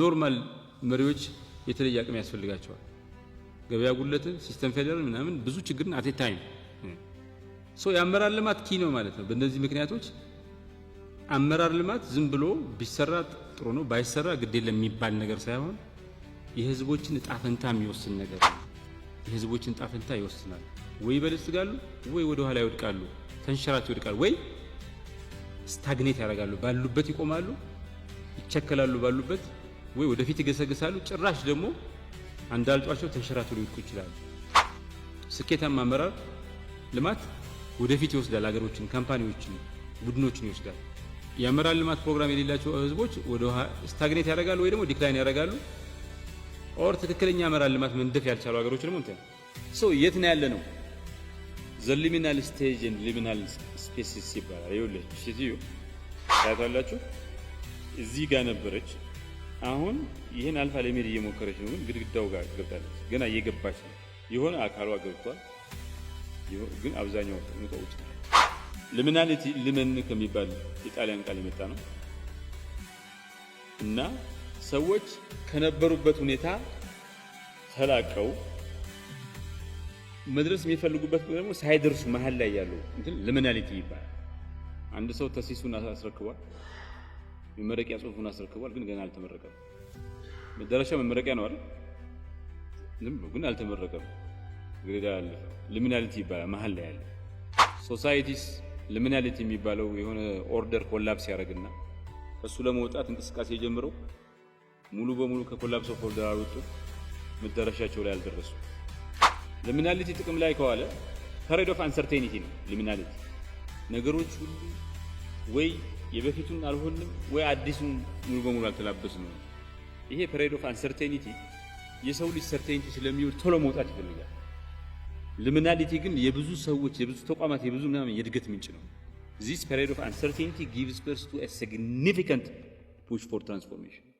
ኖርማል መሪዎች የተለየ አቅም ያስፈልጋቸዋል። ገበያ ጉለት፣ ሲስተም ፌደራል ምናምን ብዙ ችግርን አቴ ታይም ሰው የአመራር ልማት ኪ ነው ማለት ነው። በእነዚህ ምክንያቶች አመራር ልማት ዝም ብሎ ቢሰራ ጥሩ ነው ባይሰራ ግድ የለም የሚባል ነገር ሳይሆን የህዝቦችን እጣፈንታ የሚወስን ነገር የህዝቦችን እጣፈንታ ይወስናል። ወይ ይበለጽጋሉ፣ ወይ ወደ ኋላ ይወድቃሉ፣ ተንሸራት ይወድቃሉ፣ ወይ ስታግኔት ያደርጋሉ፣ ባሉበት ይቆማሉ፣ ይቸከላሉ ባሉበት ወይ ወደፊት ይገሰግሳሉ፣ ጭራሽ ደግሞ አንዳልጧቸው ተንሸራተው ሊወድቁ ይችላሉ። ስኬታማ አመራር ልማት ወደፊት ይወስዳል፣ አገሮችን ካምፓኒዎችን፣ ቡድኖችን ይወስዳል። የአመራር ልማት ፕሮግራም የሌላቸው ህዝቦች ወደ ስታግኔት ያደርጋሉ ወይ ደግሞ ዲክላይን ያደርጋሉ። ኦር ትክክለኛ አመራር ልማት መንደፍ ያልቻሉ ሀገሮች ደግሞ እንትን ሰው የት ነው ያለ ነው ሊሚናል ስቴጅ ን ሊሚናል ስፔሲስ ይባላል። ይኸውልህ ሴትዮ ታያታላችሁ፣ እዚህ ጋር ነበረች። አሁን ይህን አልፋ ለመሄድ እየሞከረች ነው፣ ግን ግድግዳው ጋር ገብታለች። ገና እየገባች ነው። የሆነ አካሏ ገብቷል፣ ግን አብዛኛው ኑቃ ውጭ ልምናሊቲ ልመን ከሚባል የጣሊያን ቃል የመጣ ነው እና ሰዎች ከነበሩበት ሁኔታ ተላቀው መድረስ የሚፈልጉበት ደግሞ ሳይደርሱ መሀል ላይ ያሉ እንትን ልምናሊቲ ይባላል። አንድ ሰው ተሲሱን አስረክቧል። መመረቂያ ጽሁፉን አስረክቧል፣ ግን ገና አልተመረቀም። መዳረሻ መመረቂያ ነው አይደል? ግን አልተመረቀም። ግሬዳ ያለፈ ልሚናሊቲ ይባላል። መሀል ላይ ያለ ሶሳይቲስ ልሚናሊቲ የሚባለው የሆነ ኦርደር ኮላፕስ ያደርግና ከእሱ ለመውጣት እንቅስቃሴ የጀምረው ሙሉ በሙሉ ከኮላፕስ ኦፍ ኦርደር አልወጡ፣ መዳረሻቸው ላይ አልደረሱ። ልሚናሊቲ ጥቅም ላይ ከዋለ ፐሬድ ኦፍ አንሰርቴኒቲ ነው። ልሚናሊቲ ነገሮች ሁሉ ወይ የበፊቱን አልሆንም ወይ አዲሱን ሙሉ በሙሉ አልተላበስም ነው። ይሄ ፐሬድ ኦፍ አንሰርቴኒቲ የሰው ልጅ ሰርቴኒቲ ስለሚውል ቶሎ መውጣት ይፈልጋል። ልምናሊቲ ግን የብዙ ሰዎች የብዙ ተቋማት የብዙ ምናምን የእድገት ምንጭ ነው። ዚስ ፐሬድ ኦፍ አንሰርቴኒቲ ጊቭስ ፐርስ ቱ ሲግኒፊካንት ፑሽ ፎር ትራንስፎርሜሽን